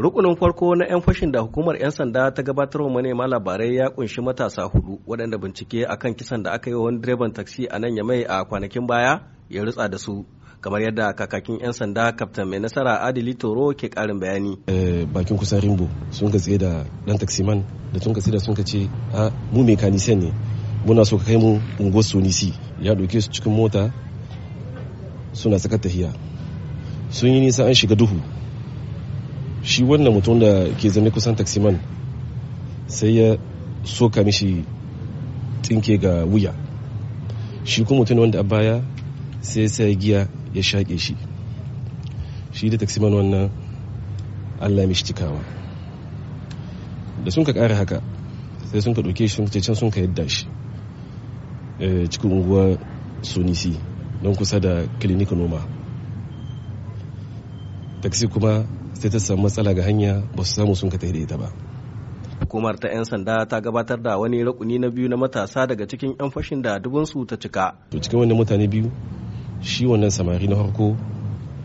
rukunin farko na 'yan fashin da hukumar 'yan sanda ta gabatar wa manema labarai ya kunshi matasa hudu waɗanda bincike a kan kisan da aka yi wa wani direban taksi a nan ya yamai a kwanakin baya ya rutsa da su kamar yadda kakakin 'yan sanda kaftan mai nasara adili toro ke karin bayani eh, bakin kusan rimbo sun ka tsaye da dan taksiman da sun ka tsaye da sun ka ce a ah, mu mekanisiyan ne muna so ka kai mu unguwar sunisi ya ɗauke su cikin mota suna saka tahiya sun yi nisa an shiga duhu shi wannan mutum da ke zaune kusan taksiman sai ya soka mishi tsinke ga wuya shi kuma mutum wanda a baya sai sai giya ya shaƙe shi shi da taksiman wannan allah mishi cikawa da sun ka ƙara haka sai sun ka ɗauke shi sun can sun ka yadda shi eh, cikin unguwa sunisi don kusa da kilinik noma taksi kuma sai ta samu matsala ga hanya ba su samu sun ka tafi da ita ba hukumar ta 'yan sanda ta gabatar da wani rakuni na biyu na matasa daga cikin 'yan fashin da su ta cika to cikin wannan mutane biyu shi wannan samari na farko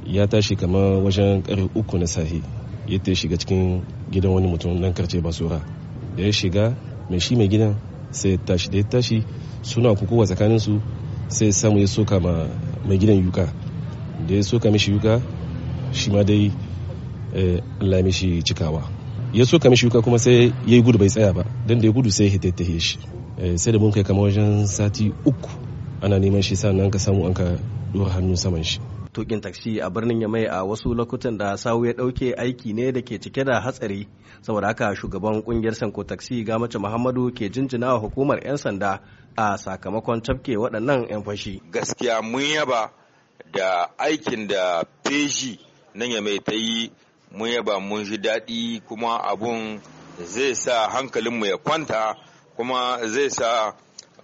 ya tashi kamar wajen kare uku na sahi ya ta shiga cikin gidan wani mutum nan karce basura da ya shiga mai shi mai gidan sai ya tashi da ya tashi suna kukuwa tsakanin su sai samu ya soka ma mai gidan yuka da ya soka mishi yuka shi ma dai Eh, Allah mishi cikawa ya so ka mishi kuma sai yi gudu bai tsaya ba don da ya gudu sai ya hita ta shi eh, sai da mun kai kama wajen sati uku ana neman shi sannan ka samu an ka dora hannu saman shi tukin taksi a birnin ya mai a wasu lokutan da sawu ya dauke aiki ne da ke cike da hatsari saboda haka shugaban kungiyar sanko taksi mace muhammadu ke jinjina wa hukumar 'yan sanda a sakamakon cafke waɗannan 'yan fashi gaskiya mun yaba da aikin da peji nan ya mai ta yi mun yaba mun ji daɗi kuma abun zai sa hankalinmu ya kwanta kuma zai sa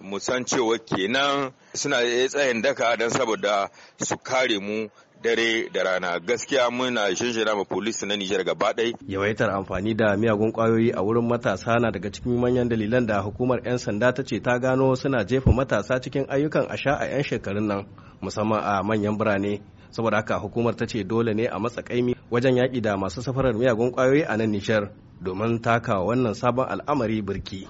mu san cewa kenan suna tsayin daka don saboda su kare mu dare da rana gaskiya muna shinshina ma polisi na Nijar gaba ɗai. Yawaitar amfani da miyagun kwayoyi a wurin matasa na daga cikin manyan dalilan da hukumar 'yan sanda ta ce ta gano suna jefa matasa cikin ayyukan asha a 'yan shekarun nan musamman a manyan birane. saboda haka hukumar ta ce dole ne a matsa kaimi wajen yaƙi da masu safarar miyagun ƙwayoyi a nan nishar domin taka wannan sabon al'amari birki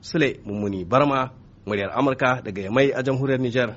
sule mummuni barma muryar amurka daga yamai a jamhuriyar nijar